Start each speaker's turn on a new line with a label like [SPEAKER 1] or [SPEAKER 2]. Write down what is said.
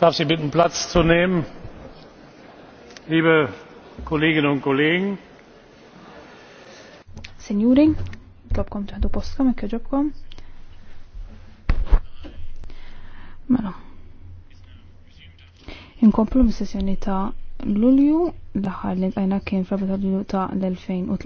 [SPEAKER 1] darf sie bitten platz zu nehmen. liebe kolleginnen und kollegen
[SPEAKER 2] Signori, tlobkom taħdu postkom, ekki
[SPEAKER 3] ġobkom. Mela. Inkomplu mis-sessjoni ta' Lulju, l-ħar li għajna kien
[SPEAKER 4] fl-4 ta' Lulju ta' l-2013.